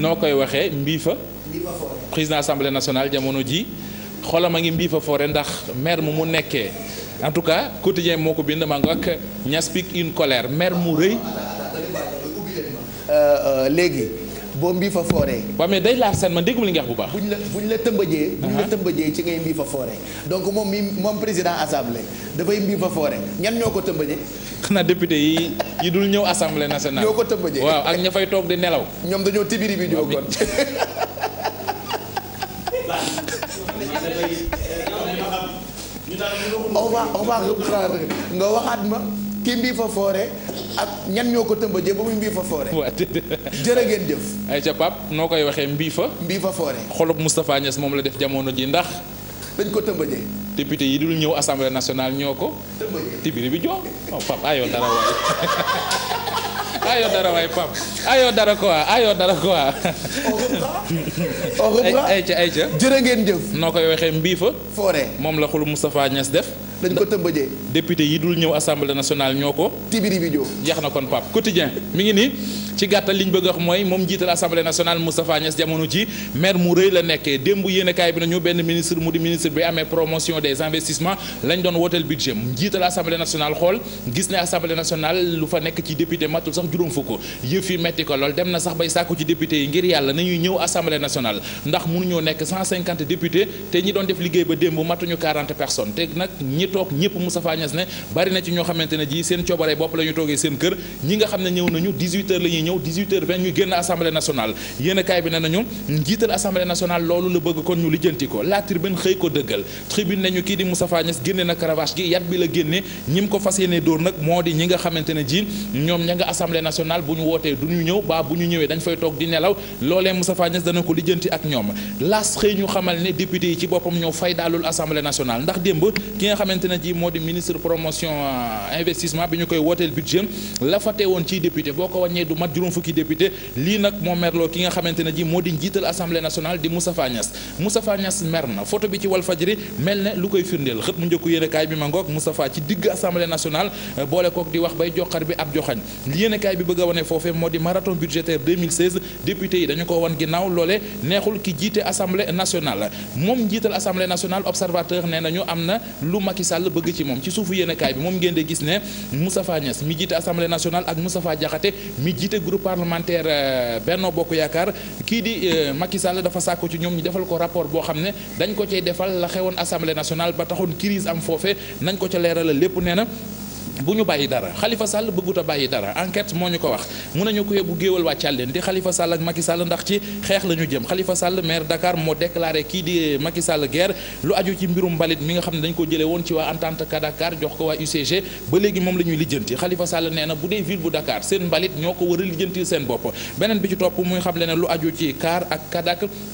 noo koy waxee mbiifa président assemblée nationale jamono ji xolam a ngi Mbifa foore ndax maire mu mu nekkee en tout cas quotidien moo ko bind maa ngi ak ñaspik une colère maire mu rëy. Euh, euh, léegi boo Mbifa Fore. waaw mais day laar seen man dégguma li nga wax bu baax. buñ la buñ la tëmbajee. Uh-huh. buñ la tëmbajee ci ngay Mbifa Fore donc moom mi moom président assemblée dafay Mbifa Fore ñan ñoo ko tëmbajee. xanaa député yi. yi dul ñëw assemblée nationale. ñoo ko tëmbajee waaw ak ña fay toog di nelaw. ñoom dañoo tibiri bi joo kon. on va nga waxaat ma ki mbii foore ak ñan ñoo ko tëmbajee ba muy mbii fa foore jërë ngeen jëf ay ca pap noo koy waxee mbii fa mbii fa foore xolub Moustapha Niass moom la def jamono ji ndax dañ ko tëmbajee député yi dul ñëw assemblée nationale ñoo ko tibiri bi joo oh, pap ayoo dara waay ayoo dara waay pap ayoo dara quoi ayoo dara quoi ayca ayca jërë ngeen jëf noo koy waxee mbii fa foore moom la xulu Moustapha Niass def dañ ko tëmbëjee député yi dul ñëw assemblée nationale ñoo ko tibiri bi joo jeex na kon Pape quotidien mi ngi nii ci gàttal li bëgg a mooy moom jiital assemblée nationale Moustapha Niass jamono ji maire mu rëy la nekkee démb yéenekaay bi nañu benn ministre mu di ministre bi amee promotion des investissements lañ doon wooteel budget jiital assemblée nationale xool gis ne assemblée nationale lu fa nekk ci député matul sax juróom fukk yëf yi metti ko lool dem na sax bay sàkku ci député yi ngir yàlla nañuy ñëw toog ñëpp Moustapha Niass ne bari na ci ñoo xamante ne ji seen coobare bopp la ñu seen kër ñi nga xam ne ñëw nañu 18 heures la ñuy ñëw 18 heures 20 ñu génn assemblée nationale yéen kaay bi ne njiital assemblée nationale loolu la bëgg kon ñu lijjanti ko la tribune xëy ko dëggal tribune nañu kii di Moustapha Niass génne na caravage gi yat bi la génne ñi mu ko fas yéene dóor nag moo di ñi nga xamante ne ñoom ña nga assemblée nationale bu du ñu ñëw baa bu ñu ñëwee dañ fay toog di nelaw loolee Moustapha Niass dana ko lijjanti ak ñoom las xëy yi ci boppam ñoo fay daalul assemblée nationale ndax démb ki nga xamante xamante ne ji moo di ministre promotion euh, investissement bi ñu koy ne moo di njiital na photo bi ci Walfadjri mel ne lu koy firndeel xët mu njëkku yéenekaay bi ma ngoog Moustapha ci digg assemblée nationale euh, boole kook di wax bay joxar bi ab joxañ li yéenekaay bi bëgg a wane foofee moo di marathon budgétaire député yi dañu ko wan ginnaaw loole neexul ki jiite assemblée nationale moom njiital assemblée nationale observateur nee nañu am na lu Macky Sall bëgg ci moom ci suufu yéenekaay bi moom ngeen de gis ne Moustapha Niass mi jiite assemblée nationale ak Moustapha Diakhaté mi jiite groupe parlementaire euh, Benno Bokk Yaakaar kii di euh, Macky Sall dafa sàkku ci ñoom ñu defal ko rapport boo xam ne dañ ko cee defal la xewoon assemblée nationale ba taxoon crise am foofe nañ ko ca leeralal lépp nee na bu ñu bàyyi dara Khalifa Sall bëggut a bàyyi dara enquête moo ñu ko wax mun nañu ko yóbbu géewal wàccal leen di Khalifa Sall ak Macky Sall ndax ci xeex la ñu jëm xalifa Sall maire Dakar moo déclaré kii di Macky Sall ger lu aju ci mbirum mbalit mi nga xam ne dañ ko jëlee woon ci waa entente ka Dakar jox ko waa UCG ba léegi moom la ñuy lijjanti Khalifa Sall nee na bu dee ville bu Dakar seen mbalit ñoo ko war a lijjanti seen bopp beneen bi ci topp muy xam le ne lu aju ci CAR ak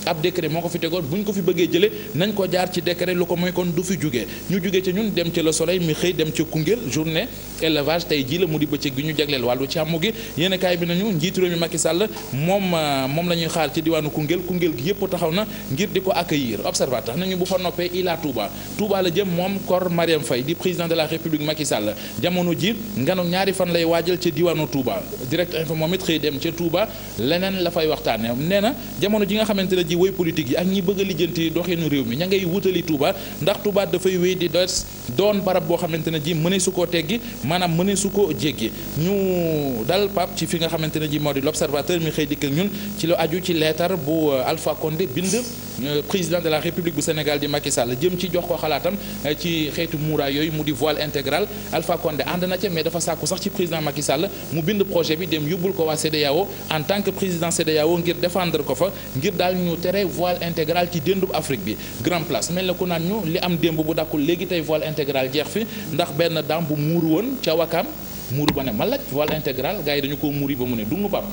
ab décret moo ko fi tegoon bu ñu ko fi bëggee jëlee nañ ko jaar ci décret lu ko mooy kon du fi jugee ñu jugee ci ñun dem ci Le Soleil mi xëy dem ci Koungheul journée élevage tey jii la mu di bëccëg gi ñu jagleel wàllu càmm gi yéen kaay bi nañu njiitu réew mi Macky Sall moom euh, moom la ñuy xaar ci diwaanu Koungheul Koungheul gi yëpp taxaw na ngir di ko accueillir observateur nañu bu fa noppee Ila Touba Touba la jëm moom Kor Mariam fay di président de la République Macky Sall jamono ji nganu ñaari fan lay waajal ci diwaanu Touba direct info moom it xëy dem ca Touba leneen la fay waxtaane nee na jamono ji nga xamante ne ji woy politique yi ak ñi bëgg a lijjanti doxinu réew mi ña ngay wutali Touba ndax Touba dafay di des doon barab boo xamante ne ji mëne su koo teggi maanaam mëne su ko jéggi ñu dal pap ci fi nga xamante ne ji moo di l'observateur mi xëy dikk ak ñun ci lu aju ci leetar bu euh, Alpha Condé bind Euh, président de la république bu Sénégal di Macky Sall jëm ci jox ko xalaatam euh, ci xeetu muuraay yooyu mu di voile intégral Alpha Condé ànd na ca mais dafa sàkku sax ci président Macky Sall mu bind projet bi dem yóbbul ko waa CEDEAO en tant que président CEDEAO ngir défendre ko fa ngir daal ñu tere voile intégral ci déndub Afrique bi grand place mel na naan ñu li am démb bu dàkkul léegi tey voile intégral jeex fi ndax benn daam bu muuru woon ca Wakaam muuru ba ne ma laaj voile intégral gars yi dañu ko muuri ba mu ne dungu pap